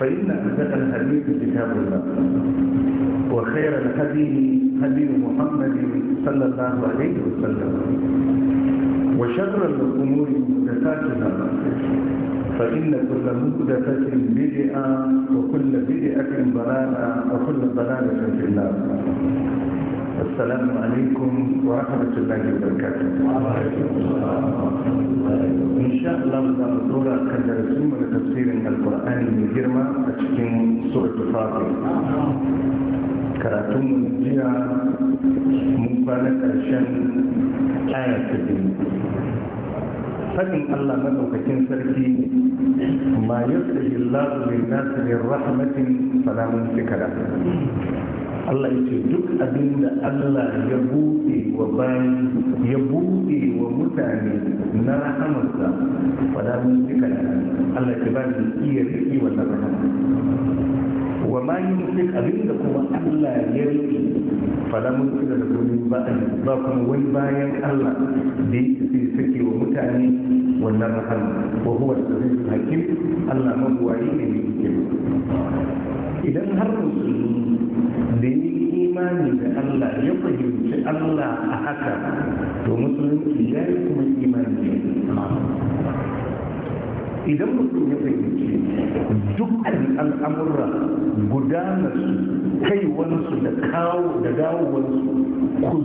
فإن أصدق الحديث كتاب الله وخير الحديث حديث محمد صلى الله عليه وسلم وشر الأمور محدثاتها فإن كل مهدفة بدعة وكل بدعة ضلالة وكل ضلالة في النار السلام عليكم ورحمة الله وبركاته إن شاء الله سورة كان رسوم لتفسير القرآن من جرمة أشكين سورة فاطر كراتم الجيا مبالغ عشان آية fadin Allah na madaukakin sarki ma yusrihi Allah lin nas min rahmatin fala mumsika la Allah yace duk abin Allah ya bude wa bayi ya bude wa mutane na rahamarsa fala mumsika la Allah ya ba shi iya riki wannan rahama wa ma yumsik abin kuma Allah ya riki fala musu da rasulun ba'an ba kuma wai bayan Allah da ya ce wa mutane wannan rahama wa huwa sirrin hakim Allah mabuwayi ne ne yake idan har musulmi da ya imani da Allah ya fahimci Allah a haka to musulunci ya yi kuma imani idan mutum ya fahimci duk al'amura gudanar kaiwansu da kawo da dawowansu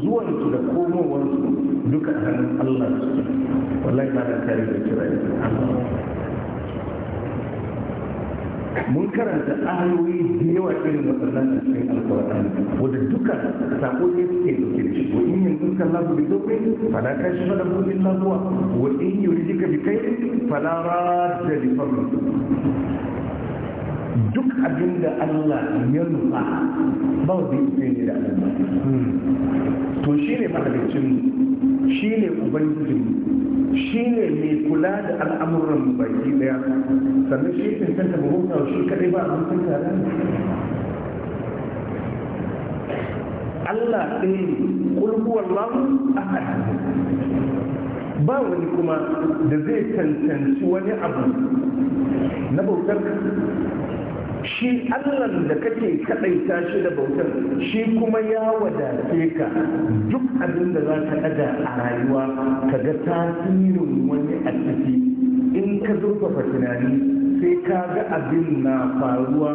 zuwansu da komowansu duka a hannun Allah su wallahi ba da kare da kira mun karanta ayoyi da yawa irin waɗannan a cikin alƙur'ani wadda duka sako ne suke dauke da shi wa in yanzu kan lafu bi dokai fala ka shi fala bu illa huwa wa in yuridika bi kai fala da li duk abin da Allah ya nufa ba wanda ya ne da Allah to shi ne mahalicin shi ne ubangijin shi ne mai kula da al'amuran baki daya sannan shi ne kanta mahauta shi kadai ba a mutum tare Allah ɗaya kulhuwar lamu ahad ba wani kuma da zai tantanci wani abu na bautar shi allah da kake kaɗaita shi da bautar shi kuma ya wadace ka duk abin da za ka ɗaga a rayuwa ka ga tasirin wani a ciki in ka zurfafa tunani sai ka ga abin na faruwa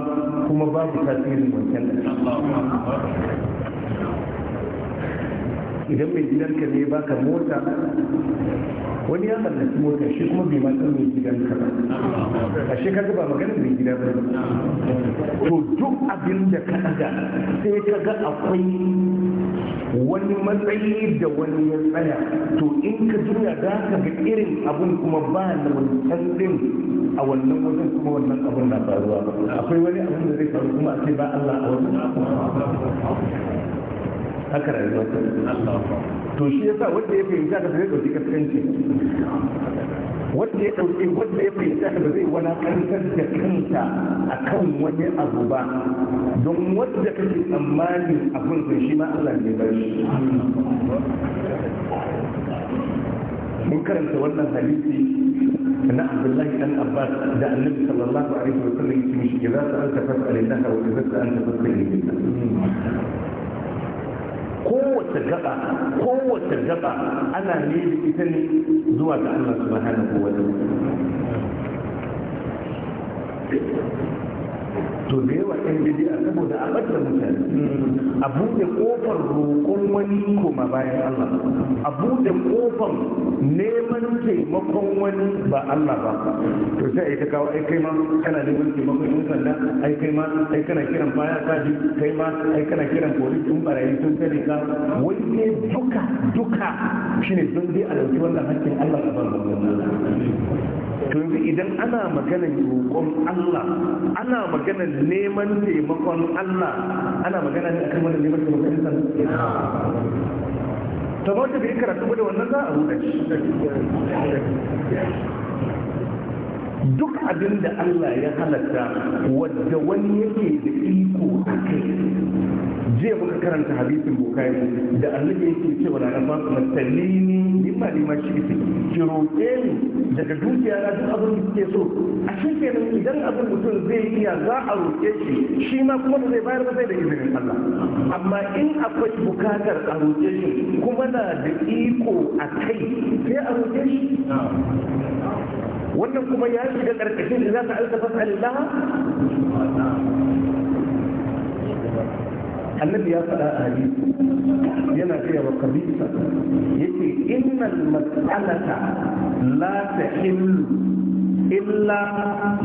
kuma babu tasirin wancan idan mai gidanka ne baka mota wani ya tsallaki mota shi kuma bai ma san mai gidanka ba a shi kaga ba magana mai gida ba to duk abin da ka daga sai ka ga akwai wani matsayi da wani ya tsaya to in ka juya za ka ga irin abun kuma ba da wani din a wannan wajen kuma wannan abun na faruwa akwai wani abun da zai faru kuma a ce ba Allah a wani. haka rayuwar to shi yasa wanda ya fahimta da zai dauki kaskanci wanda ya dauki wanda ya fahimta da zai wala kantar da kanta akan wani abu ba don wanda kake tsammanin abin sai shi ma Allah ne ba shi mun karanta wannan hadisi na Abdullahi dan Abbas da Annabi sallallahu alaihi wa sallam yake mishi idza sa'alta fas'alillah wa idza sa'alta fas'alillah kowace gaba kowace gaba ana ne ita ne zuwa ga Allah subhanahu wa ta'ala to da yawa yan bidiya saboda a ɓadda mutane a buɗe ƙofar roƙon wani koma bayan Allah a buɗe ƙofar neman taimakon wani ba Allah ba to sai ai ta kawo ai kai ma kana neman taimakon yan sanda ai kai ma ai kana kiran baya kaji kai ma ai kana kiran polis tun barayi sun kare ka wani ne duka duka shine don dai a ɗauki wannan hakkin Allah a ban yanzu idan ana maganar roƙon Allah ana maganar neman taimakon Allah ana magana ne kan wannan neman taimakon Allah ta ba ta bai karatu da wannan za a buɗe duk abin da Allah ya halatta wadda wani yake da iko a kai jiya muka karanta hadisin bukari da annabi yake cewa na na fatima sallini mimma ma shi ki roƙe ni daga dukiya na duk abin da suke so a shi kenan idan abin mutum zai iya za a roƙe shi shi ma kuma da zai bayar ba sai da izinin Allah amma in akwai bukatar a roƙe shi kuma na da iko a kai sai a roƙe shi wannan kuma ya shiga ƙarƙashin da za ta alƙafa Allah. annabi ya faɗa a hadisi yana cewa wa kabisa yake innal mas'alata la tahillu illa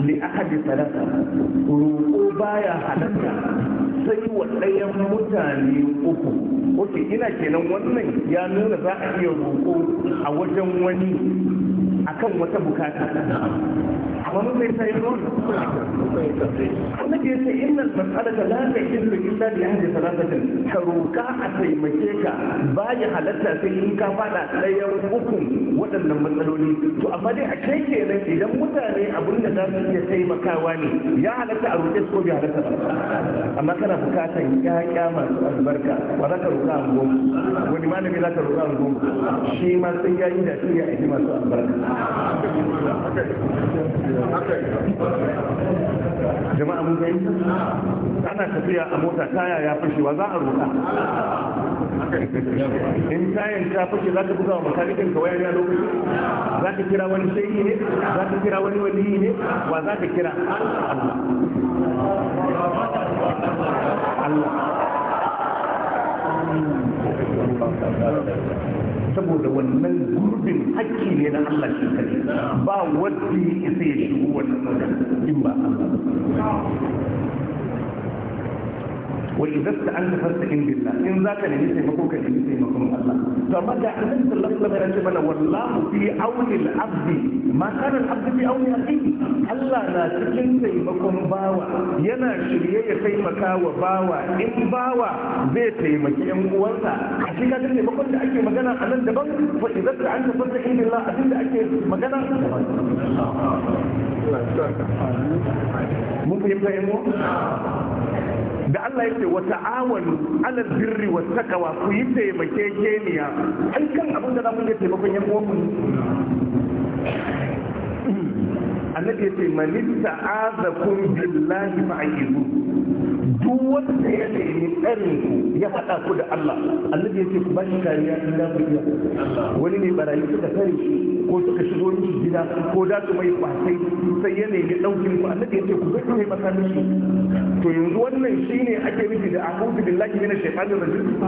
li ahadi salasa ruku baya halatta sai wa ɗayan mutane uku oke ina kenan wannan ya nuna za a iya roƙo a wajen wani akan wata bukata ومن يسيرون النبي يقول إن المسألة لا تحل إلا لأهل ثلاثة كروكا أتي مكيكا باي حالتا سيئنكا فانا لا ينفكم ودن المسألولي تو أفادي أكيكي لك إذا متاني أبونا دارك يسي مكاواني يا حالتا أروتس كو يا حالتا أما كان بكاتا يا كاما البركة ولا كروكا أمهم ولما نبي لا كروكا أمهم شيما سيئين دا سيئين دا سيئين دا سيئين jama'a mun gani ana tafiya a mota taya ya wa za a ruka in tayan ta fashe za ka buga wa makalikin ka wayar ya lokaci za ka kira wani shehi ne za ka kira wani waliyi ne wa za ka kira Allah Allah saboda wannan gurbin hakki ne na Allah shi kare ba wadda ya isa ya shigo wannan in ba Allah wa idza ta'anta fasta'in billah in zaka nemi taimako ka nemi taimakon Allah to amma da annabi sallallahu alaihi wasallam ya ce wallahu fi auni abdi ma kana al-abdu fi auni Allah na cikin taimakon bawa yana shirye ya taimaka wa bawa in bawa zai taimaki yan uwansa a cikin ga taimakon da ake magana a nan daban ake magana mun da Allah yake wa awon alal birri wa takawa ku yi keniya ai kan abin da za mu iya taimakon yan uwanmu annabi ya ce manista azakun billahi ma'ayyizu duk wanda ya nemi tsarin ya faɗa ku da Allah annabi ya ce ku ba shi kariya in da ku wani ne barayi suka tare shi ko suka shigo ni gida ko da su mai kwasai sai ya nemi ɗaukin ku annabi ya ce ku zai kai masallaci to yanzu wannan shine ake nufi da a'udhu billahi minash shaitanir rajim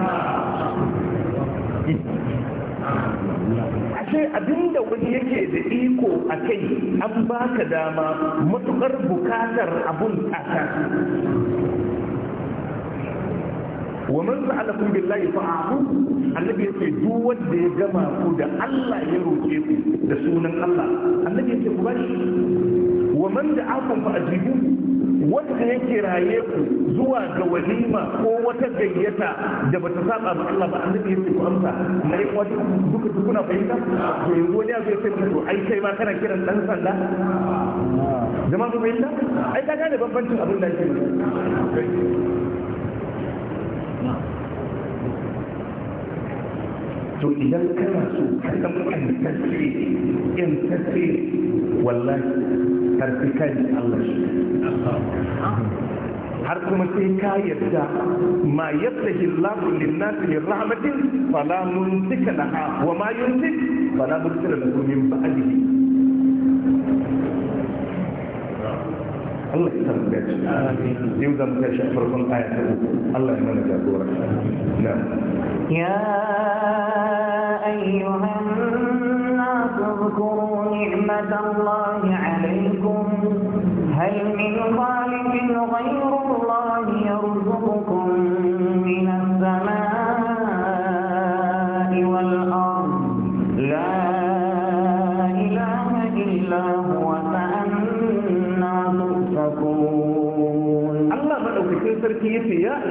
ashe abinda wani yake da iko a kai an baka dama matukar bukatar abun a kasu wa man sa'alakum billahi fa'ahu annabi ce duk wanda ya gama ku da Allah ya roƙe ku da sunan Allah annabi ya ce ku bari wa man da aka fa ajibu wanda ya kiraye ku zuwa ga walima ko wata gayyata da bata saba ba Allah ba annabi ya ce ku amsa mai wani duk kuna fahimta to yanzu wani ya ce to ai kai ma kana kiran dan sanda jama'a ku fahimta ai ka gane bambancin abin da yake to idan kana so ka zama in wallahi karfi kai Allah shi har kuma sai ka yarda ma yadda Allahu lin nas min rahmatin fala mun laha wa ma yunsik fala mursila lahu min ba'dihi الله آية. نعم. يا أيها الناس اذكروا نعمة الله عليكم هل من خالق غير الله يرزقكم من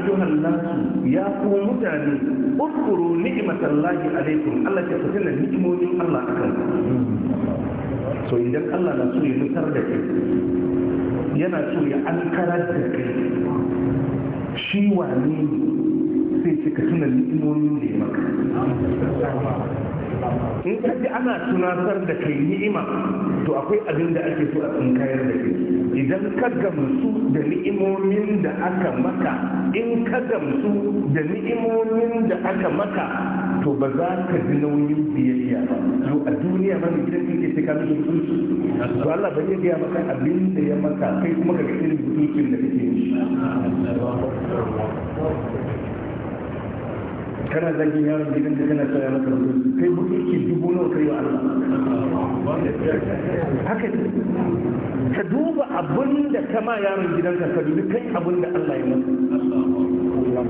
ayyuhan nasu ya ku mutane uskuru ni'matallahi alaikum Allah ya fitina ni'imomin Allah akan so idan Allah na so ya nutar da kai yana so ya ankarar da kai shi wane sai cika tuna ni'imomin da ya maka in kaji ana tunatar da kai ni'ima to akwai abin da ake so a tsinkayar da ke idan ka gamsu da ni'imomin da aka maka in ka gamsu da ni'imomin da aka maka to ba za ka ji nauyin biyayya ba to a duniya ma gidan kake sai ka mishi mutunci to Allah ba ya gaya maka abin da ya maka kai kuma ka ga irin mutuncin da kake yi kana zagin yaron gidan da kana tsaya maka rubutu kai mutunci dubu nawa kai wa Allah haka ne ka duba abin da kama yaron gidan ka dubi kai abin da Allah ya masa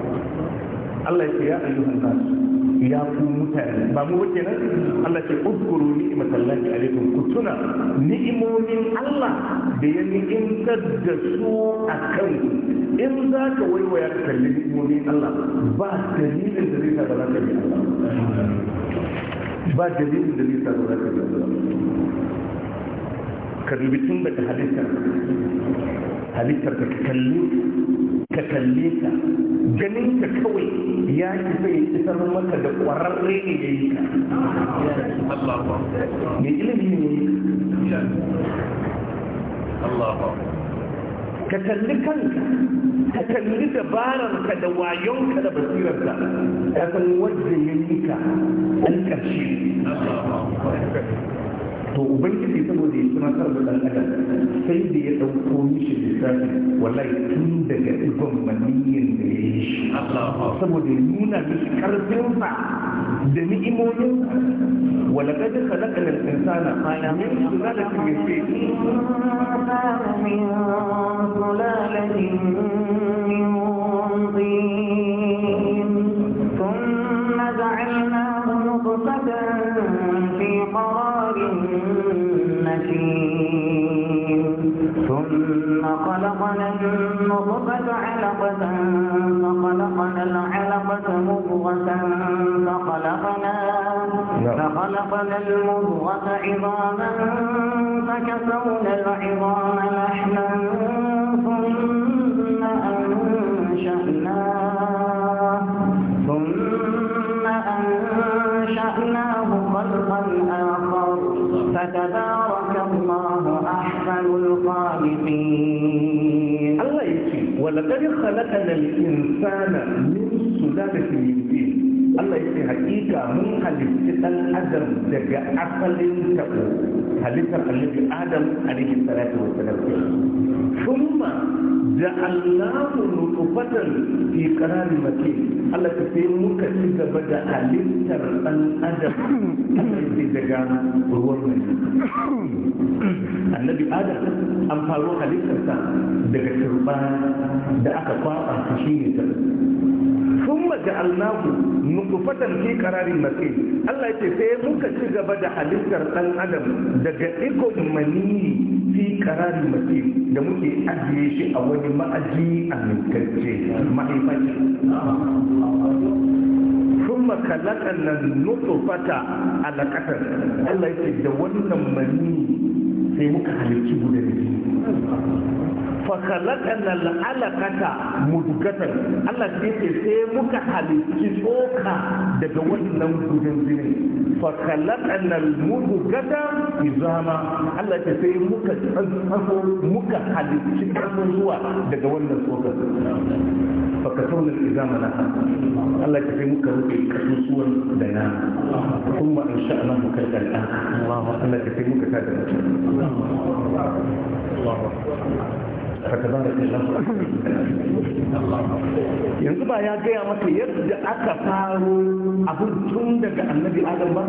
Allah ya ce ya ayyuhan nasu ya ku mutane ba mu wuce nan Allah ce ni masallati alaikum ku tuna ni'imomin Allah da ya ni'imtar da su a kan in za ka waiwaya ka kalli ni'imomin Allah ba dalilin da zai sa ba za ka bi Allah ba dalilin da zai sa ba za ka bi Allah ka dubi tun daga halittar halittar ka kalli ka kalle ka ganin ka kawai ya isa ya isar maka da ƙwararre ne ya yi ka mai ilimi ne ka kalli kanka ka kalli dabararka da wayonka da basirarka ka san wajen ya an ƙarshe to ubangiji saboda ya tunatar da dan adam sai da ya dauko mishi lissafi wallahi tun daga digon maniyin da ya yi shi saboda ya nuna mishi karfinsa da ni'imomin ولقد خلقنا الإنسان من سلالة من طين من سلالة من طين فتى في قرار مكين ثم خلقنا النطفة علقة فخلقنا العلقة مضغة فخلقنا نعم. فخلقنا المضغة عظاما فكسونا العظام لحما ثم أنشأنا ثم أنشأنا فأنشأناه خلقا آخر فتبارك الله أحسن الخالقين ولقد خلقنا الإنسان من سلالة من دين الله يكفي حقيقة من خلقت الأدم دقا أقل تقو خلقت الذي آدم عليه الصلاة والسلام ثم Da allahu nutfatan fi qararin makin Allah ta sai muka ci gaba da halittar dan adam sai daga ruwan mai annabi adam an faro ta daga turba da aka kwaba shi ne ta da allahu nutfatan fi qararin makin Allah ya ce sai muka ci gaba da halittar dan adam daga ikon mani fi qararin makin da muke ajiye shi a wani ma'aji a mintacce mahaifaci ثم خلقنا النطفة على قتل da wannan mani sai muka halicci guda biyu Fa fakalakana al'alakata mudgatar Allah sai ce sai muka halicci tsoka daga wannan gudan biyu. فكلم أن الموت كتم يزهم الله تسير مك أنفه مك حديث كتم هو دعوان السوق فكتون الإزام أنا الله تسير مك ربي كتسوى دنا ثم إن شاء الله مك الآن الله تسير مك هذا الله الله yanzu ba ya gaya maka yadda aka faru abin tun daga annabi adam ba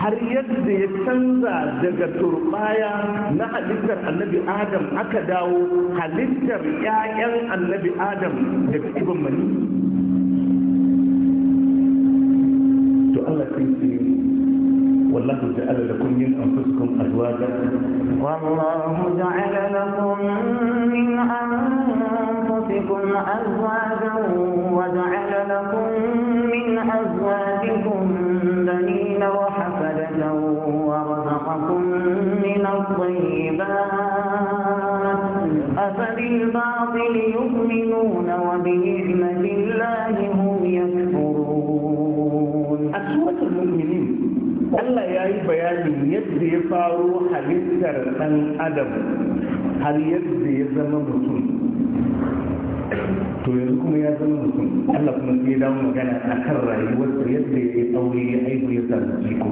har yadda ya canza daga turbaya na halittar annabi adam aka dawo halittar 'ya'yan annabi adam daga ibin mani لكم جعل لكم من أنفسكم أزواجا والله جعل لكم من أنفسكم أزواجا وجعل لكم من أزواجكم بنين وحفدة ورزقكم من الطيبات أفبالباطل يؤمنون وبنعمة الله هم يكفرون Allah ya yi bayanin yadda ya faro halittar ɗan adam har yadda ya zama mutum to yanzu kuma ya zama mutum Allah kuma sai ya dawo magana a kan rayuwarsa yadda ya yi aure ya haihu ya samu jiko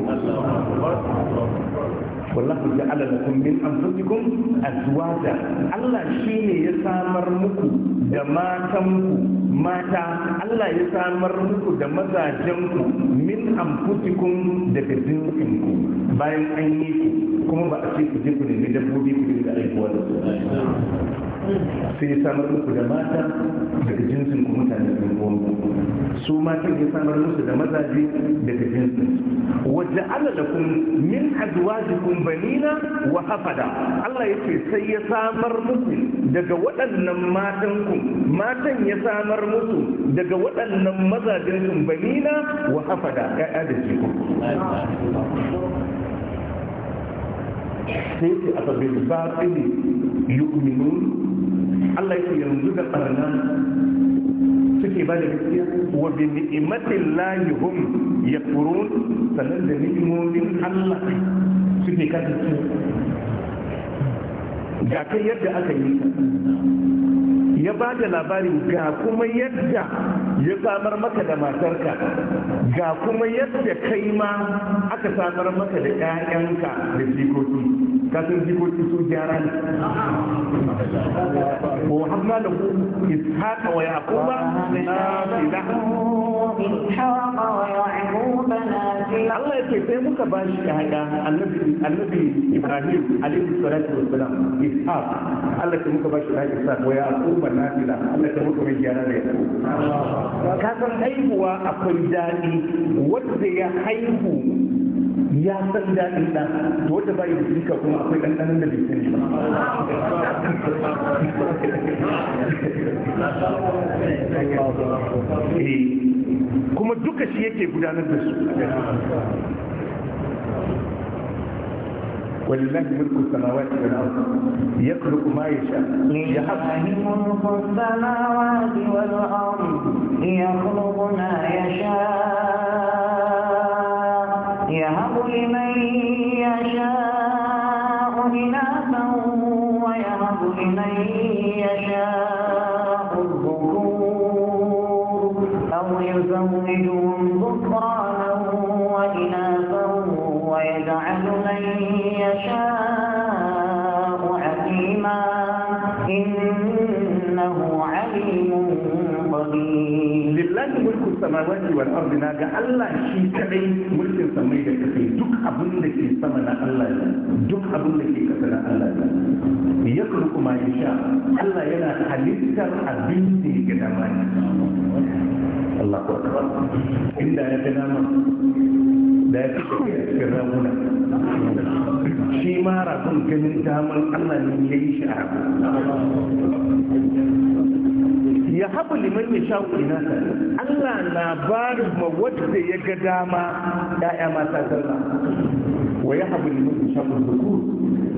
wallahu ja'ala lakum min anfusikum azwaja Allah shine ya samar muku da ku, mata Allah ya samar muku da ku min anfusikum daga ku. bayan an yi ku kuma ba a ce ku je ku nemi dabbobi ku dinga aikuwa da su sai ya samar muku da mata daga jinsin ku mutane sun goma su matan ya samar musu da mazaje daga jinsin wadda ala lakum min azwajikum banina wa hafada Allah ya ce sai ya samar musu daga waɗannan matan ku matan ya samar musu daga waɗannan mazajen ku banina wa hafada ya'ya da jiko sai ce a sabbin yi yu'minun Allah yake yanzu da barna suke ba da gaskiya wa bi ni'matin lahi hum yakfurun sanan da ni'imomin Allah suke su ga kai yadda aka yi ya ba da labarin ga kuma yadda ya samar maka da matarka ga kuma yadda kai ma aka samar maka da 'ya'yanka da jikoki kasan jikoki su gyara ne wa wahabna da ku ishaqa wa yaquba nafila Allah ya ce sai muka ba shi yaya annabi annabi Ibrahim alaihi salatu wassalam ishaq Allah ya muka ba shi yaya ishaq wa yaquba nafila Allah ya muka mai gyara da yaqub kasan haihuwa akwai daɗi wanda ya haihu ya san daɗin ɗan to wanda ba yi da jika kuma akwai ɗanɗanon da bai sani ba eh, kuma duka shi yake gudanar da su ولله ملك السماوات والارض يخلق ما يشاء يحب ملك السماوات والارض يخلق ما يشاء يهب لمن يشاء إناثا ويهب لمن يشاء الذكور أو يزوجهم ذكرانا وإناثا ويجعل من يشاء عليما إنه عليم قدير lillahi mulku samawati wal ardi na ga Allah shi kadai mulkin samai da kasai duk abin da ke sama na Allah ne duk abin da ke kasa na Allah ne yakhluqu ma yasha Allah yana halittar abin da ya ga dama Allah ko inda ya ga dama da ya fi a cikin ramuna shi ma rakun ganin daman Allah ne ya yi shi a rabu ya haɓa liman ya sha Allah na ba ma wadda ya ga dama ‘ya'ya mata sallah wa ya haɓa liman ya sha ƙulina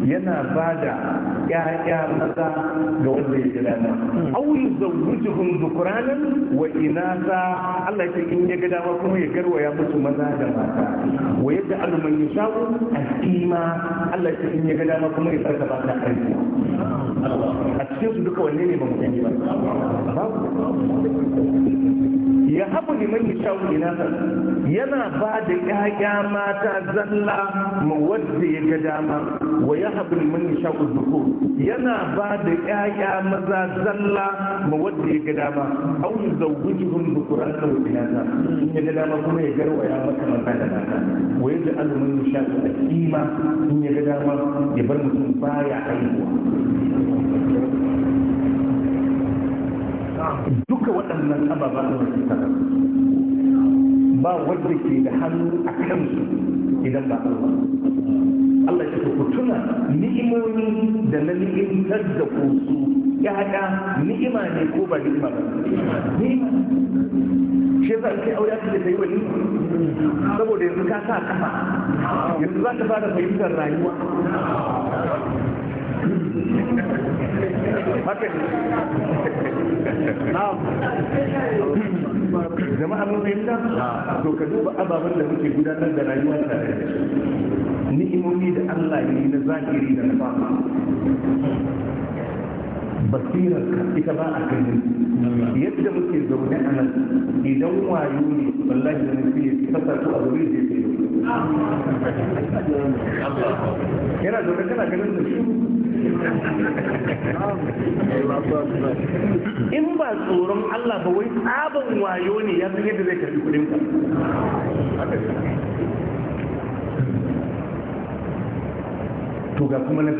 yana ba da ƴaƴa maza ga wanda ya gada na auyi zaujihun zukuranin wa inasa Allah ta in ya gada ma kuma ya ya musu maza da mata wa yadda aluman ya shawo a kima Allah ya in ya gada ma kuma ya farka ba ta aiki a cikin su duka wanne ne ba mu ba ya habu liman yashau inasa yana ba da ƴaƴa mata zalla ma wadda ya ga dama wa ya habu liman yashau dhukur yana ba da ƴaƴa maza zalla ma wadda ya ga dama aw yuzawwijuhum dhukuran aw inasa in ya ga dama kuma ya garwaya maka maza da mata wa ya yaj'alu man a aqima in ya ga dama ya bar mutum baya haihuwa duka waɗannan ababa da wasu tara ba wadda ke da hannu a kansu idan ba Allah Allah ya ku tuna ni'imomi da na ni'imtar da ku su ya haɗa ni'ima ne ko ba ni'ima ba ni'ima shi yasa kai aure aka ce yi wani saboda yanzu ka sa kafa yanzu za ka fara fahimtar rayuwa haka ne jama'a mun fahimta to ka duba ababen da muke gudanar da rayuwa tare da ni'imomi da Allah ya yi na zahiri da na fama basirarka ita ba a gani yadda muke zaune a nan idan wayo ne wallahi da nufi ya fasa su a zaune da ya yana zaune kana ganin da shi in ba tsoron Allah ba wai tsaban wayo ne ya san yadda zai karbi kudin to ga kuma na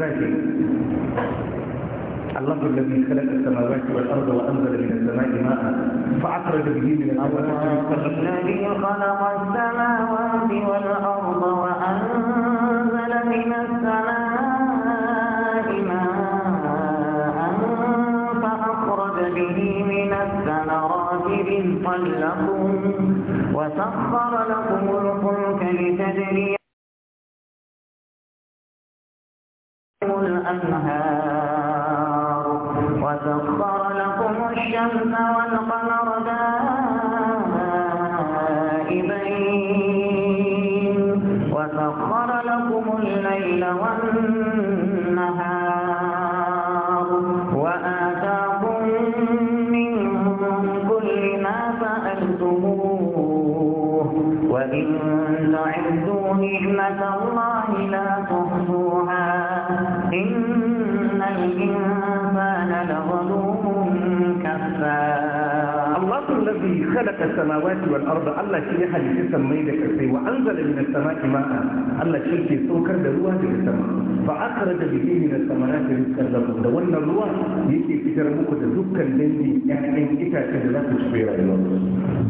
الله الذي خلق السماوات والأرض وأنزل من السماء ماء فأخرج به من الأرض الذي خلق السماوات والأرض وأنزل من السماء إن طلقتم وسخر لكم الفلك لتجري الأنهار وسخر لكم الشمس والأنهار وإن تعدوا نعمة الله لا تحصوها إن الإنسان لظلوم الذي خلق السماوات والأرض الله شيء حديث سمي لك السي وأنزل من السماء ماء الله شيء في سوكر دروا في السماء فأخرج به من السماوات رزقا لكم ده وأن الروا يجي في ترمك ذكا لندي يعني إتا كذلك شبيرا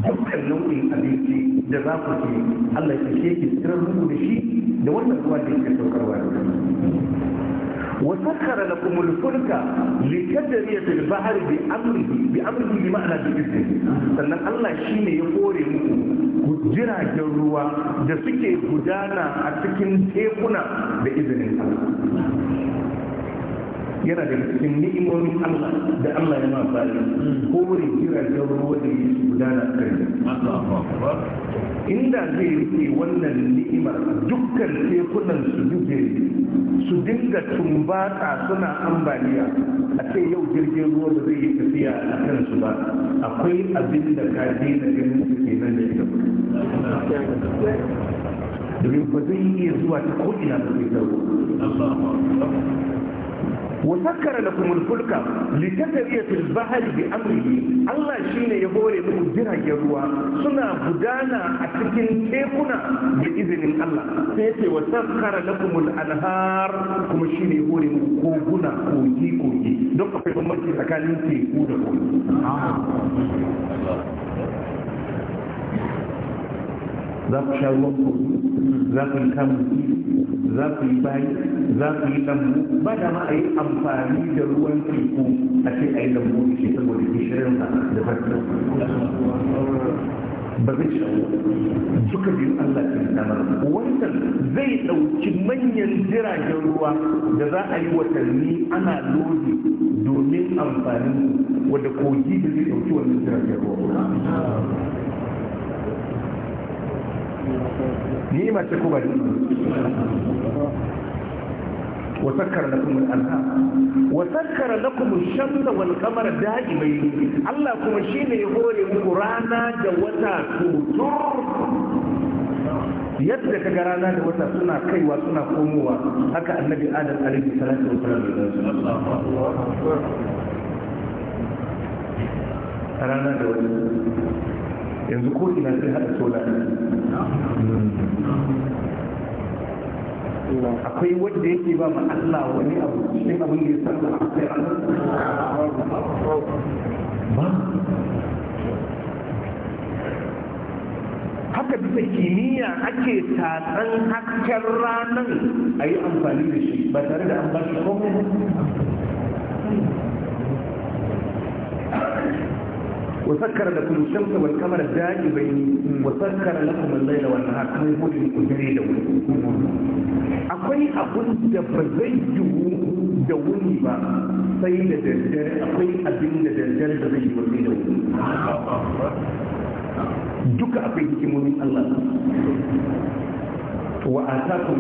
ذكا نوع أبيتي جزاك شيء الله شيء في ترمك بشيء ده وأن الروا يجي في سوكر وسخر لكم الفلك لتجري في البحر بأمره بأمره بمعنى بإذنه sannan Allah shi ne ya kore muku jiragen ruwa da suke gudana a cikin tekuna da izinin yana da cikin ni'imomin Allah da Allah ya ma yi kore jiragen ruwa da su gudana a kai inda zai rike wannan ni'imar dukkan tekunan su yi su dinga tumbaka suna ambaliya a ce yau jirgin ruwa ba zai yi tafiya a su ba akwai abin da ka daina ganin su ke nan da ita domin ba zai iya zuwa ta ina ba zai zaro وسكر لكم الفلك لتدري البحر بأمره Allah shi ne ya hore muku jiragen ruwa suna gudana a cikin tekuna da izinin Allah sai ce wa na kuma anhar kuma shi ne hore muku koguna kogi kogi don akwai bambanci tsakanin teku da kogi za ku sha ruwan kogi za ku yi kamun za ku yi bayi za ku yi lambu ba da ma a yi amfani da ruwan teku a ce a yi lambu da ke saboda gishirin da da farko ba zai ci duka biyu Allah ke samar wannan zai ɗauki manyan jiragen ruwa da za a yi watanni ana lodi domin amfanin wadda kogi da zai ɗauki wannan jiragen ruwa ni mace ku bari wa sakkara lakum al-anha wa sakkara lakum ash-shamsa wal qamara da'ibayn Allah kuma shine ya hore muku rana da wata tutur yadda kaga rana da wata suna kaiwa suna komowa haka annabi adam alaihi salatu wa sallam rana da wata yanzu ko ina sai hada sola akwai wanda yake ba mu Allah wani abu shi abin da ya san da akwai ba haka bisa kimiyya ake tatsan hasken ranar a yi amfani da shi ba tare da an ba shi وسكر لكم الشمس والقمر دائبين وسكر لكم الليل والنهار كما يقول لكم جريدا akwai abin da ba zai yiwu da wuni ba sai da daddare akwai abin da daddare da zai yi sai da duka akwai hikimomin Allah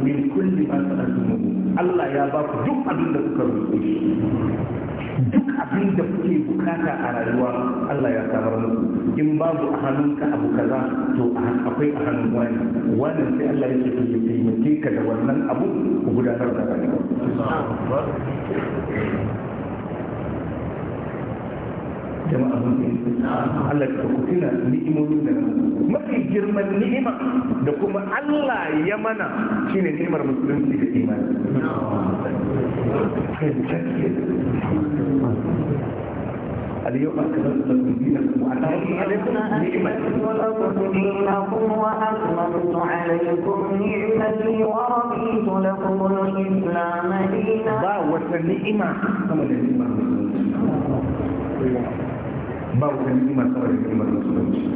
kulli ma Allah ya ba ku duk abin da kuka roƙe shi duk abin da kuke bukata a rayuwa Allah ya samar muku in babu a hannunka abu kaza to akwai a hannun wani wannan sai Allah ya ce ku taimake ka da wannan abu ku gudanar da rayuwa jama'a musulmi Allah ka ku tuna ni'imomin da mafi girman ni'ima da kuma Allah ya mana shine ni'imar musulunci da imani اليوم أكملت لكم دينكم وأتممت عليكم نعمتي ورضيت لكم الإسلام دينا با وسلم إما كما ba wata ni'ima sama da ni'imar musulunci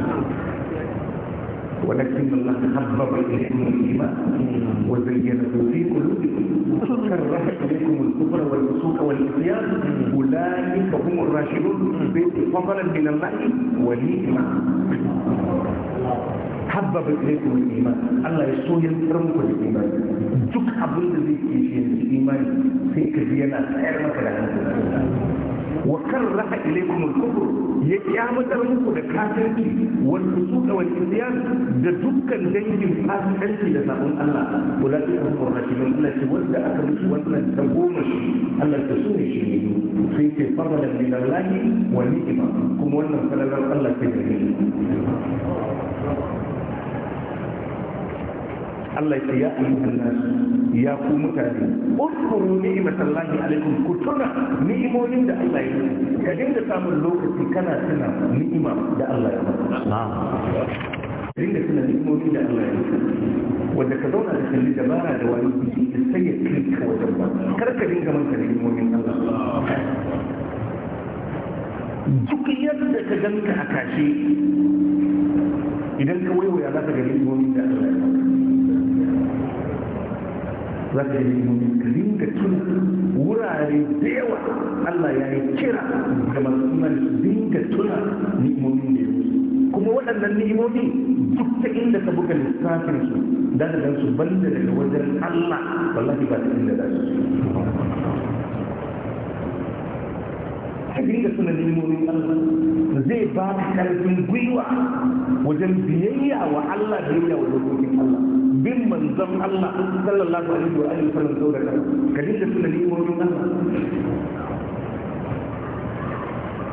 ولكن الله حبب اليكم الايمان وزينه في قلوبكم وكره اليكم الكفر والفسوق والعصيان اولئك هم الراشدون فضلا من الله ونعمه حبب اليكم الايمان الله يسوع يكرمكم الايمان duk abin da zai ke shi yanzu imani sai ka ji yana ya kyamatar muku da kafirci wal fusuq wani isyan da dukkan dangin fasikanci da sabon Allah ulati al rashidun Allah ce wanda aka musu wannan ta goma shi Allah ta so shi ne sai ce fadala da Allah wa ni'ma kuma wannan fadalar Allah da ne Allah ya ya yi nas ya ku mutane uskuru ni'matallahi alaikum ku tuna ni'imomin da Allah ya yi ka dinga samun lokaci kana tuna ni'ima da Allah ya dinga suna hikimomi da Allah ya nufi wanda ka zauna da kalli da mara da wani kuɗi da sai ya wajen ba kar ka dinga manta da Allah duk yadda ka ganka a kashe idan ka waiwaya za ka gani hikimomin da Allah ya za ka yi mu ringa tuna wurare da yawa Allah ya yi kira ga masu imani su ringa tuna ni'imomin da ya kuma waɗannan ni'imomi duk ta inda ka buga lissafin su da ka gan su banda daga wajen Allah wallahi ba ta inda za su ka dinga suna nemomin Allah zai ba ka karfin gwiwa wajen biyayya wa Allah biyayya wa dokokin Allah bin manzon Allah sallallahu alaihi wa alihi wasallam sau da kan ka dinga tuna ni'imomin Allah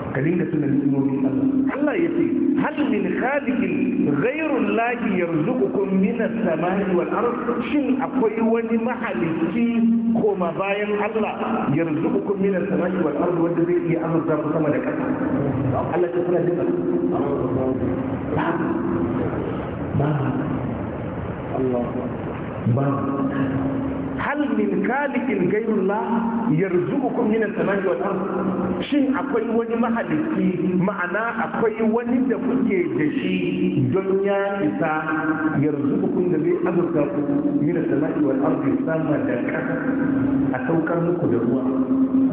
ka dinga tuna ni'imomin Allah Allah ya ce hal min khaliqin ghayru Allah yarzuqukum min as-samai wal ard shin akwai wani mahalicci koma bayan Allah yarzuqukum min as-samai wal ard wanda zai iya amsa ku sama da ƙasa Allah ya kula da ba hal min khaliqin ghayrullah yarzuqukum min as-samai wal ard shin akwai wani mahalicci ma'ana akwai wani da kuke da shi don ya isa yarzuqukum da zai azurta ku min as-samai wal ard sama da kasa a saukar muku da ruwa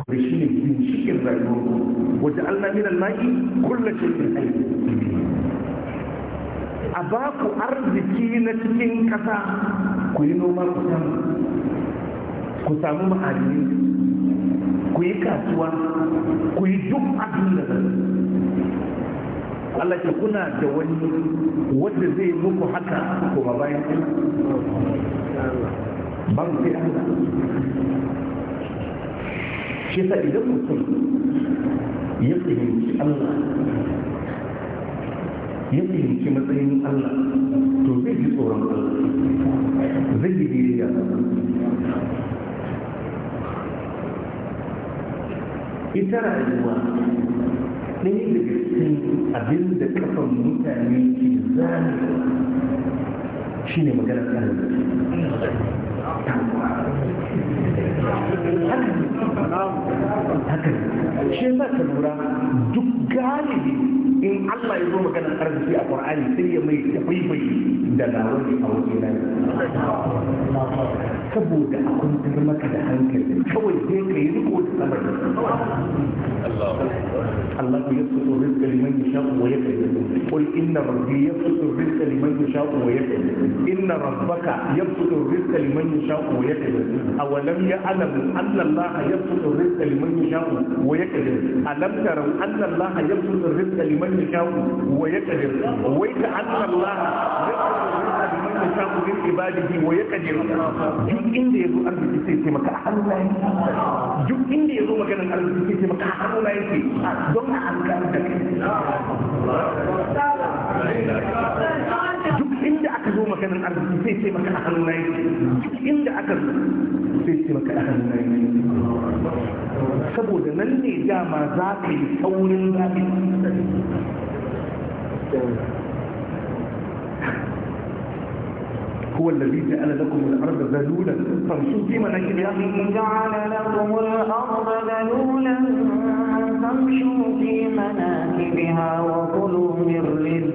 da shi ne binshikin rayuwar ku waja'alna min al-ma'i kullu shay'in ba ku arziki na cikin ƙasa ku yi noma ku samu ku samu ma'adini ku yi kasuwa ku yi duk abin da Allah ke kuna da wani wanda zai muku haka ba bayan ban sai Allah shi sa idan mutum ya fahimci Allah ya fahimci matsayin Allah to zai yi tsoron Allah zai yi biyayya ita rayuwa ɗaya da cikin abin da kafan mutane ke zane shi ne magana tsarin haka shi yasa ka lura duk galibi in Allah ya zo maganar arziki a Qur'ani sai ya mai kwaikwai da lawani a waje nan saboda a kuntar maka da hankali kawai sai ka yi riko da samar Allah ya yasutu rizqa liman yasha'u wa yaqdir qul inna rabbi yasutu rizqa liman yasha'u wa yaqdir inna rabbaka yasutu rizqa liman yasha'u wa yaqdir awalam ya'lam anna Allah yasutu rizqa liman yasha'u wa yaqdir alam tara anna Allah yasutu rizqa liman يشاء ويقدر ويتعلم الله لمن يشاء من ya ويقدر duk inda yazo arziki sai ce maka Allah yake duk inda yazo maganar arziki sai ce maka Allah yake don a an da kai aka zo maganin arziki sai ce maka a hannu na yake inda aka zo sai ce maka a hannu na yake saboda nan ne dama za ka yi saurin zaɓi هو الذي جعل لكم الأرض ذلولا فامشوا في مناكبها جعل لكم الأرض ذلولا فامشوا في مناكبها وكلوا من رزق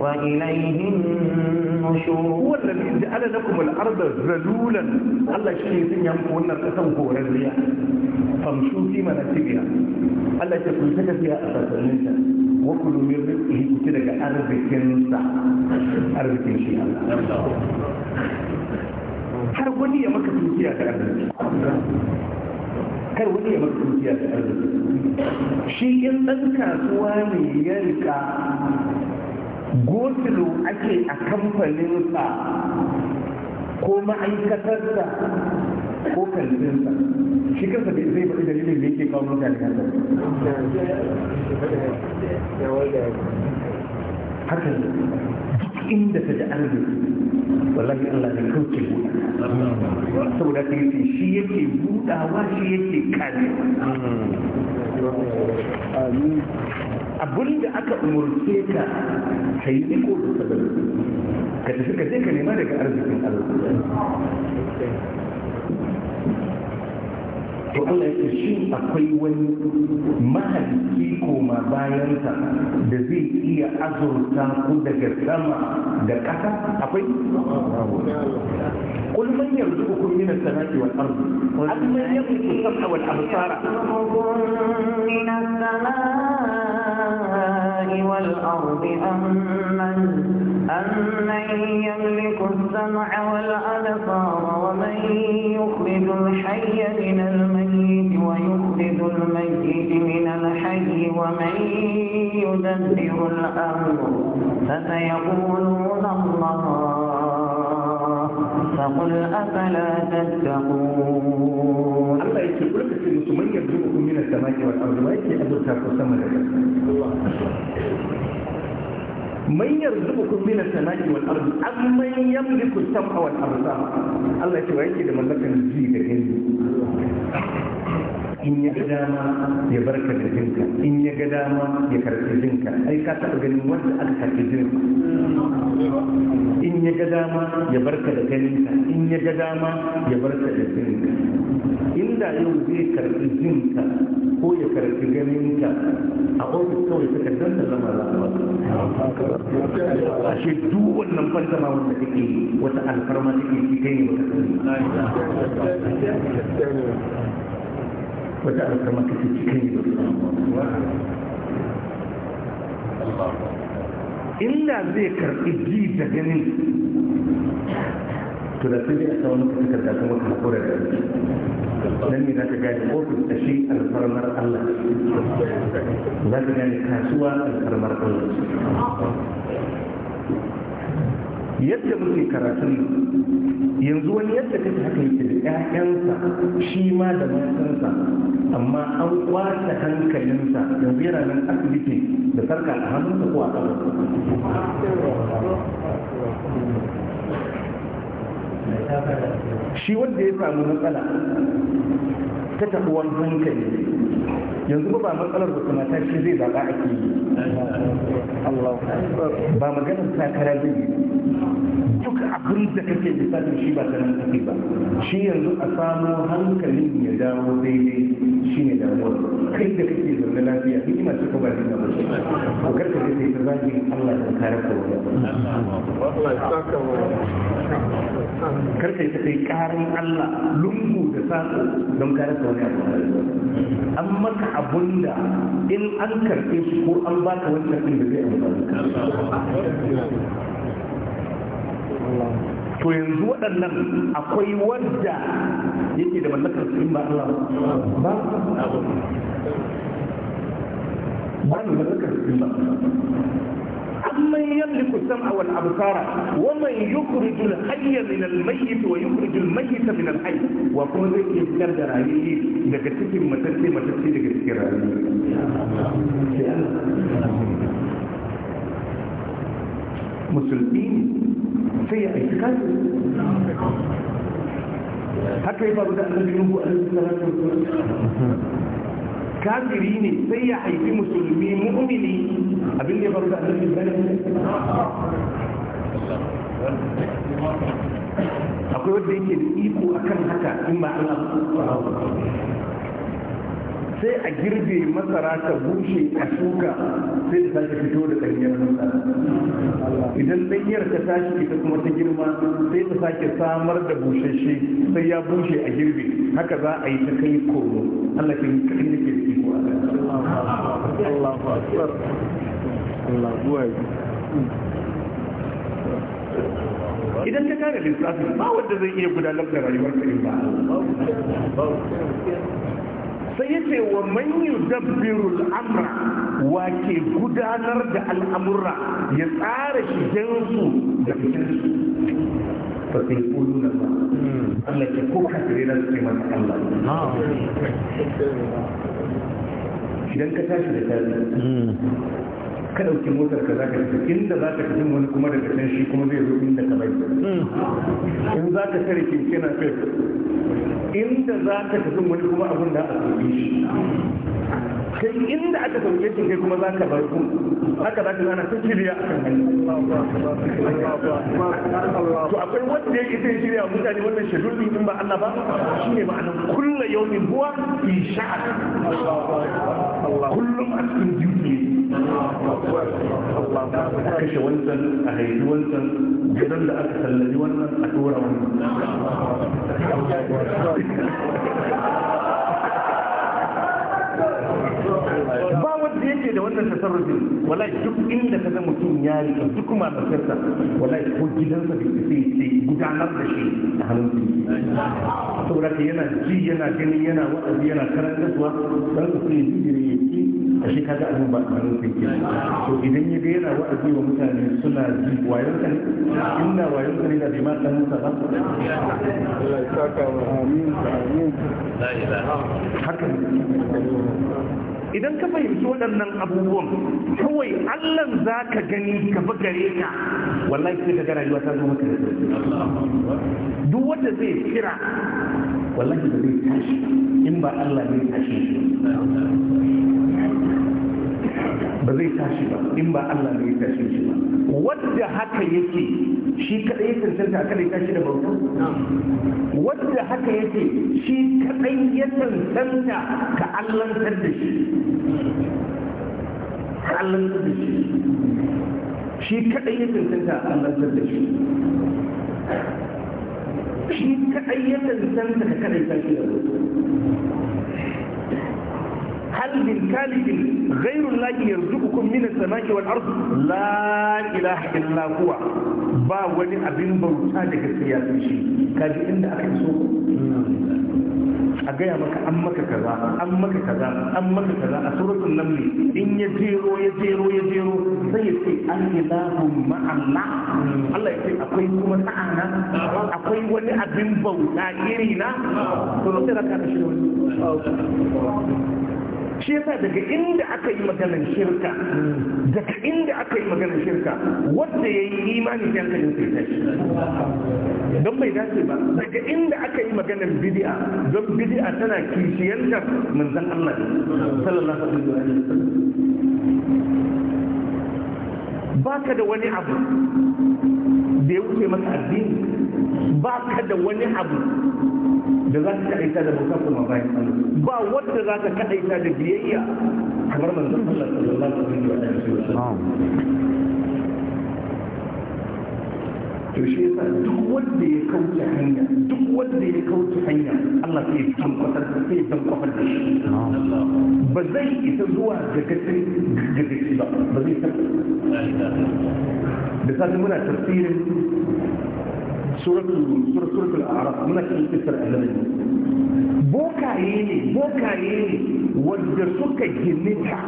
وإليه النشور هو الذي جعل لكم الأرض ذلولا الله شيء ينفون القسم هو الرياح فامشوا في مناكبها الله تكون فيها أساسا وكلوا من رزقه كتلك أرزقنسا أرزقن شيئا har هل ya maka dukiya da kar wani ya mutu ya ta shi in ɗan kasuwa ne ya rika gosilo ake a kamfaninsa ko ma'aikatarsa ko kalbinsa shi kansa bai zai faɗi dalilin da yake kawo mutane haka haka duk inda ta ji arziki wallahi Allah ne kauce buɗa saboda ta yi shi yake buɗawa shi yake kare abin da aka umurce ka ka yi iko da sababi ka tafi ka je ka nema daga arzikin Allah to Allah ya shi akwai wani mahalicci koma bayanta da zai iya azurta ku daga sama da ƙasa akwai قل من يرزقكم من السماء والأرض أم من يملك السمع والأبصار من السماء والأرض أمن أمن يملك السمع والأبصار ومن يخرج الحي من الميت ويخرج الميت من الحي ومن يدبر الأمر فسيقولون الله فقل أفلا تتقون الله يكي قلت في المسلمين يرزقكم من السماء والأرض ويكي أدركك السماء من يرزقكم من السماء والأرض أم من يملك السمع والأبصار الله يكي ويكي لمن لك الجيد in ya ga dama ya barka da jinka in ya ga dama ya karfi jinka ai ka taɓa ganin wanda aka karfi jinka in ya ga dama ya barka da ganinka in ya ga dama ya barka da jinka inda yau zai karfi jinka ko ya karfi ganinka a ofis kawai suka danta zama rayuwa shi duk wannan fantama wanda take wata alfarma take ci kai ne wata wata alfarma ta cikin yi illa zai karɓi ji da ganin to da sai a samu ka takarda kuma kuma hakura da shi nan ne za ka gane ofis da shi alfarmar Allah za ka gane kasuwa alfarmar Allah yadda muke karatun yanzu wani yadda kake haka yake da ƴaƴansa shi ma da matansa amma an kwace hankalinsa yanzu yana nan asibiti da sarka a hannunsa ko a ƙafarsa shi wanda ya samu matsala ta tafi wani hankali yanzu ba matsalar wasu mata shi zai zaɓa ake yi ba maganar takara zai yi duk abin da kake lissafin shi ba ta nan take ba shi yanzu a samo hankalin ya dawo daidai shi ne damuwar kai da kake zaune lafiya hikima ce ko ba ta da wasu ko karka zai sai ta zaki Allah ya kare ka wani karka ta kai karin Allah lungu da sako don kare ka wani abu an ka. abun da in an karɓe su, ko an ba ka wancan ɗin da zai amfani to yanzu waɗannan akwai wadda yake da mallakar su in ba Allah ba ba ne mallakar su in ba أمن يملك السمع والأبصار ومن يخرج الحي من الميت ويخرج الميت من الحي وكم ذلك يذكر دراهيه إذا تكي متسي متسي لك تذكر مسلمين في إسكال هكذا بدأ النبي نبو عليه الصلاة والسلام كافرين في مسلمين مؤمنين abin da ya faru da annabi ibrahim akwai wanda yake da iko akan haka in ba Allah sai a girbe masara ta bushe a shuka sai ta sake fito da ɗanyar masara idan ɗanyar ta tashi ita kuma ta girma sai ta sake samar da bushashe sai ya bushe a girbe haka za a yi ta kai komo Allah ke kaɗan da ke da iko a Allah idan ka kare lissafi ba wanda zai iya gudanar da rayuwar ka ba sai ya ce wa manyu dabbiru al'amra wa ke gudanar da al'amura ya tsara shigensu da su sai su da tashi hmm. ka ɗauki motar ka za ka tafi inda za ka tafi wani kuma daga can shi kuma zai zo inda ka bai in za ka tare kinke na fit inda za ka tafi wani kuma abun da aka tafi shi kai inda aka sauke shi kai kuma za ka bar ku haka za ka zana ta shirya a kan hanyar to akwai wanda ya ita shirya mutane wannan shadulli in ba Allah ba shi ne ma'anar kulla yau ne buwa in sha'a kullum a cikin a kashe wancan a haifi wancan gidan da aka sallabi wannan a tura wannan ba wanda yake da wannan tasarrufi wallahi duk inda ka ga mutum ya rika duk matarsa wallahi ko gidansa da sai sai gudanar da shi a hannun su saboda yana ji yana gani yana wa'azi yana karantarwa dan su ne jiri Kashi shi kaga abin ba kamar nufin ke to idan ya ga yana wa'azi wa mutane suna ji wayon ka ne inda wayon ka ne da bai ma san musa ba Allah ya saka wa amin amin la ilaha haka idan ka fahimci waɗannan abubuwan kawai allan za ka gani ka fi gare ka wallahi sai ka gara yi ta zo maka da duk wanda zai kira wallahi ba zai tashi in ba Allah ne tashi ba zai tashi ba in ba Allah ne ya tashi shi ba Wanda haka yake shi kadai ya tantanta kada ya tashi da bauta Wanda haka yake shi kadai ya tantanta ka allantar da shi ka allantar da shi shi kadai ya tantanta ka allantar da shi shi kadai ya tantanta ka kada ya tashi da bauta هل من خالق غير الله يرزقكم من السماء والأرض لا إله إلا هو با وني أبين بوتا دك سياسي شي كاجي إن أكن سو أجايا مك أمك كذا أمك كذا أمك كذا سورة النمل إن يجيرو يجيرو يجيرو سيسي أن إله مع الله الله يسي أقوي كما تعانا أقوي وني أبين بوتا إيرينا سورة كذا كذا شنو shi yasa daga inda aka yi maganar shirka daga inda aka yi maganar shirka wanda ya yi imani sai hankalin sai shi. don bai dace ba daga inda aka yi maganar bidiya, don bidiya tana kishiyantar manzan Allah sallallahu alaihi wa ba ka da wani abu da ya wuce masa addini ba ka da wani abu da za ka kaɗaita da bauta kuma bayan Allah ba wanda za ka kaɗaita da biyayya kamar manzon Allah sallallahu alaihi wa sallam to shi yasa duk wanda ya kauce hanya duk wanda ya kauce hanya Allah sai ya san kwatar sai ya san kwafar da shi ba zai isa zuwa ga gaci ga gaci ba ba zai san da sanin muna tafsirin suratul arab muna cikin kisar annabi bokaye ne bokaye ne wanda suka ginita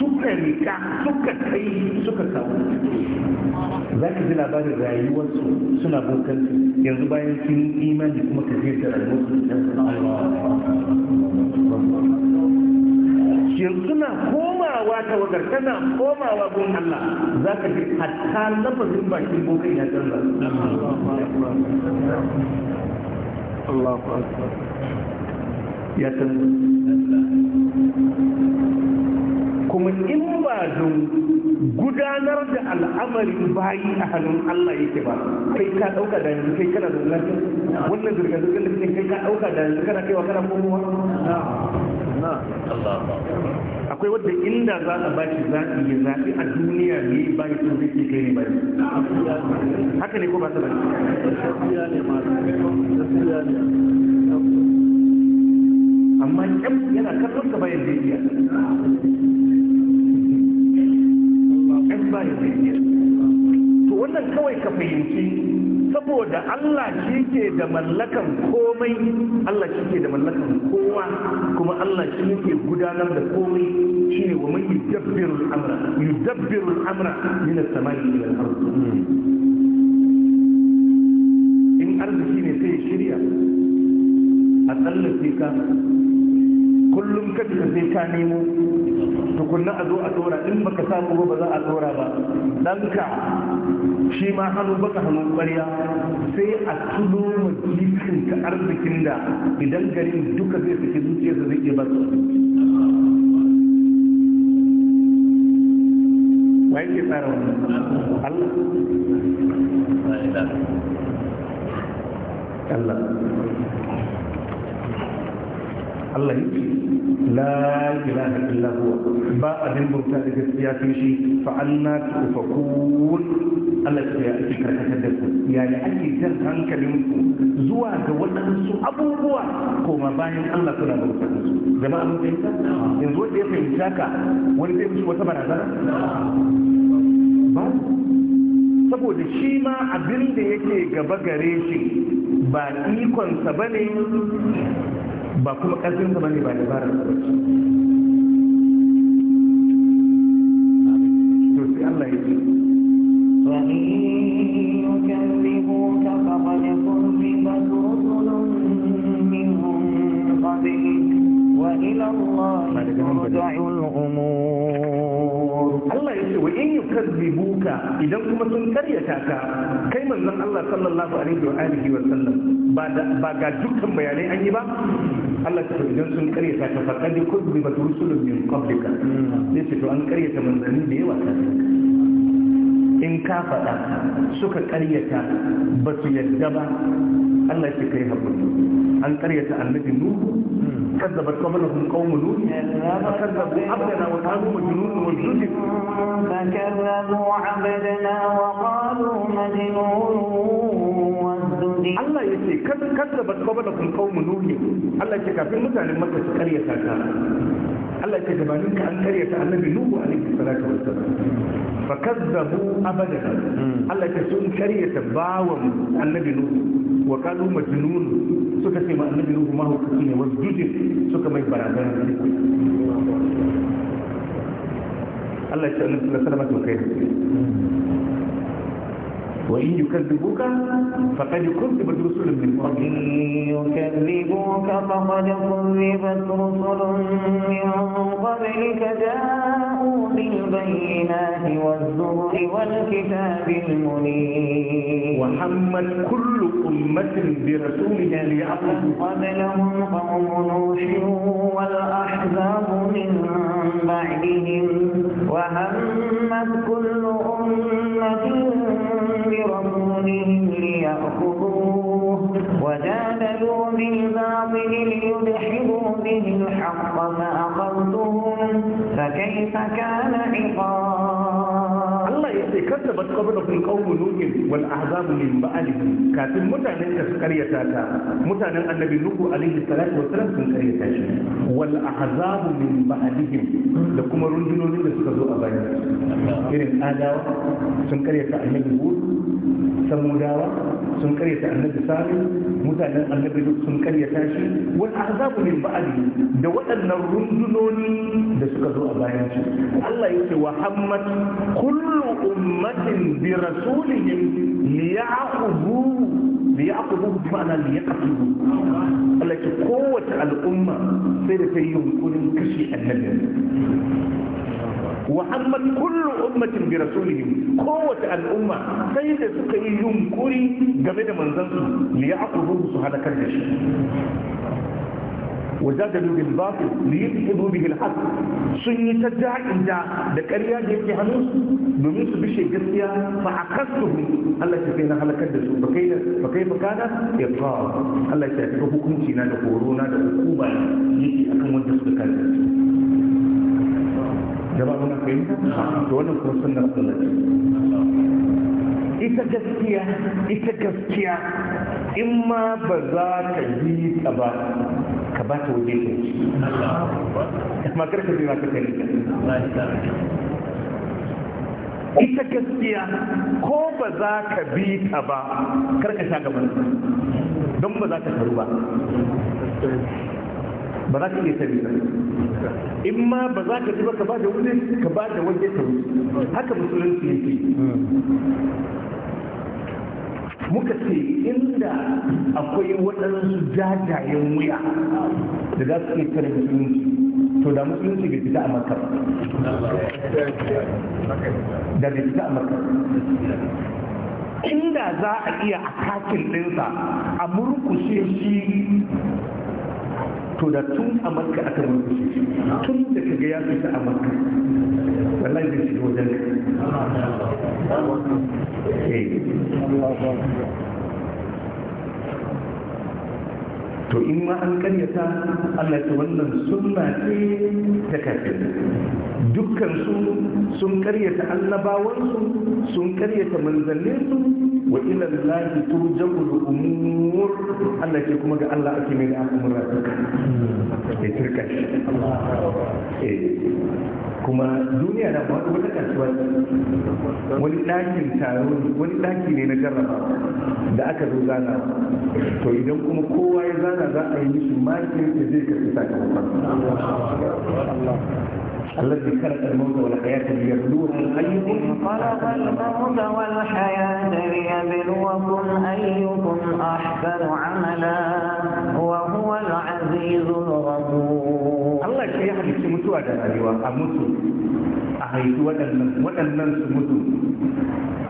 suka rika suka kai suka samu za ka ji labarin rayuwarsu suna bokansu yanzu bayan sun imani kuma ka je da rayuwarsu yanzu na komawa tawagar tana komawa gun Allah za ka ji hatta lafazin bakin bokan ya canza ya canza kuma in ba don gudanar da al'amari bayi a hannun Allah yake ba kai ka dauka da yanzu kai kana da lafiya wannan zirga zirgar da kai ka dauka da yanzu kana kaiwa kana komowa akwai wadda inda za a ba shi zaɓi ya zaɓi a duniya ne ba ya tun zai kai ne ba haka ne ko ba ta ba amma yana kasar ka bayan zai Allah ya zai to wannan kawai ka fahimci saboda Allah shi ke da mallakan komai Allah shi ke da mallakan kowa kuma Allah shi ke gudanar da komai shi ne wa mai yudabbiru al'amra yudabbiru al'amra min yi samai samari al-ard in arziki ne sai shirya a tsallace ka kullum kada sai ka nemo tukunna a zo a dora in baka samu ba za a dora ba Danka shi ma hannu baka hannun ƙwarya sai a tuno majalisun ta arzikin da idan garin duka zai saki zuciyarsa zai iya basu Wai yake tsara wannan Allah Allah ya ce la ilaha illa huwa ba abin burta da gaskiya sai shi fa anna tufakun Allah ya ce karkatar da ku ya ya ake jan hankalin ku zuwa ga waɗansu abubuwa ko ma bayan Allah kuna da su jama'a mun fahimta yanzu wanda ya fahimta ka wani zai musu wata barazana ba saboda shi ma abin da yake gaba gare shi ba ikonsa ba ne ba kuma ƙarfin ka bane ba dabarar ka to sai Allah ya ce Allah ya ce wa in yi idan kuma sun karyata ka kai manzon Allah sallallahu alaihi wa alihi wa sallam ba ga dukkan bayanai an yi ba Allah ta idan sun karyata ka faqad kuzzibat rusulun min qablika zai ce to an karyata manzanni da yawa ta in ka faɗa suka karyata ba su yadda ba Allah ya kai hakuri an karyata annabi nuhu كذبت قبلهم قوم لوط فكذبوا عبدنا وقالوا مجنون وازدجر فكذبوا عبدنا وقالوا مجنون Allah ya ce kan kazzaba da kun mu nuhi Allah ya ce kafin mutanen maka su karyata ta Allah ya ce gabanin ka an karyata annabi Nuhu alaihi salatu wassalam fa kazzabu abada Allah ya ce sun karyata bawan annabi Nuhu wa qalu majnun suka ce ma annabi Nuhu ma hukunci ne wasjudin suka mai barazana Allah ya ce annabi sallallahu alaihi wasallam kai وإن يكذبوك فقد كذبت رسل من قبل إن يكذبوك فقد كذبت رسل من قبلك جاءوا بالبينات والزهر والكتاب المنير وحمل كل أمة برسولها ليعبدوا قبلهم قوم نوح والأحزاب من به ليأخذوه وجادلوا بالباطل ليدحضوا به الحق فأخذتهم فكيف كان عقاب Allah ya ce kan da ba kabar da kulkawun nuhin wal ahzabu min ba'ali kafin mutanen da su karyata ta mutanen annabi nuhu alaihi salatu wa salam sun karyata shi wal ahzabu min ba'alihim da kuma rundunonin da suka zo a bayan irin adawa sun karyata annabi hud samudawa sun karyata annabi sami mutanen annabi sun karyata shi wal ahzabu min ba'di da waɗannan rundunoni da suka zo a bayan shi Allah yake wa hammat kullu ummatin bi rasulihim liya'khudhu liya'khudhu bi ma'ana liyaqtulu Allah ke kowace al'umma sai da ta yi yunkurin kashe annabi wa hammat kullu ummatin bi rasulihim kowace al'umma sai da suka yi yunkuri game da manzon su li ya'qudu halakar da shi وجادلوا بالباطل ليدخلوا به الحق sun yi ta ja'inda da da karya yake hannu domin su bishe gaskiya fa akastu Allah ya kai na halakar da su ba kai ba kai ya hukunci na da horo na da hukuma jama'a muna fahimta to wannan kuma sunnar ita gaskiya ita gaskiya in ma ba za ka yi ta ba ka ba ta waje ta ma ka zira ka kai ita gaskiya ko ba za ka bi ta ba karka sha gaban don ba za ka karu ba ba za ka iya sani ba in ma ba za ka ji ba ka ba da wuri ka ba da waje ta wuce haka musulunci yake muka ce inda akwai waɗansu jajayen wuya da za su iya kare musulunci to da musulunci bai fita a makar da bai fita a makar inda za a iya a kakin ɗinsa a murkushe shi to da tun a makka aka murkushe shi tun da kaga ya fita a makka wallahi zai shiga wajen eh. to in ma an karyata Allah ta wannan sunna ce ta kafin dukkan su sun karyata annabawansu sun karyata manzanninsu wa ila Allahi turja'u al-umur Allah ke kuma ga Allah ake mai al'amuran duka ya turka shi eh, kuma duniya na faɗo wata kasuwa wani ɗakin taro wani ɗaki ne na jarraba da aka zo zana to idan kuma kowa ya zana za a yi mishi makin da zai karɓi sakamakon الذي خلق الموت والحياة ليبلوكم أيكم خلق الموت والحياة ليبلوكم أيكم أحسن عملا وهو العزيز الغفور الله شيء يحدث mutuwa da rayuwa a mutu a haifi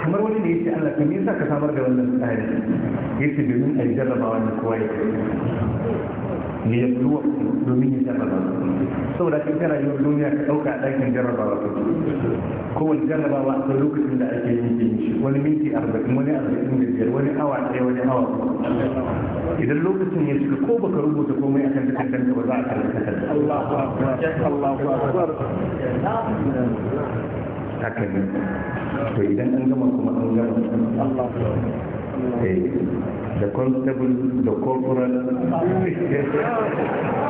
kamar wani ne yace Allah kamar yasa ka samar da wannan tsari yace domin a jarraba wannan kowa da ya ruwa domin ya jarraba su saboda kan kana yau duniya ka ɗauka a ɗakin jarrabawa ka kowane jarrabawa a lokacin da ake yin ke shi wani minti arba'in wani arba'in da biyar wani awa ɗaya wani awa idan lokacin ya shiga ko baka rubuta komai akan takardar ka ba za a karɓi takardar Allahu akbar haka ne to idan an gama kuma an gama da constable da corporal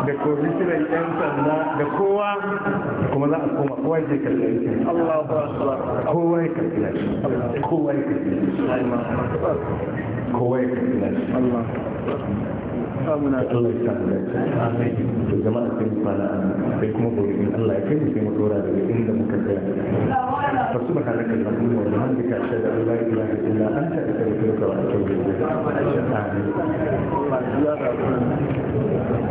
da commissioner yan sanda da kowa kuma za a koma kowa ya karfi aikin kowa ya karfi kowa ya karfi kowa ya Allah sa muna Allah ya samu dace to jama'a fara sai kuma gobe in Allah ya kai mu dora daga inda muka tsaya fa subhanaka allahumma wa bihamdika ashhadu an la ilaha illa anta astaghfiruka wa atubu ilayk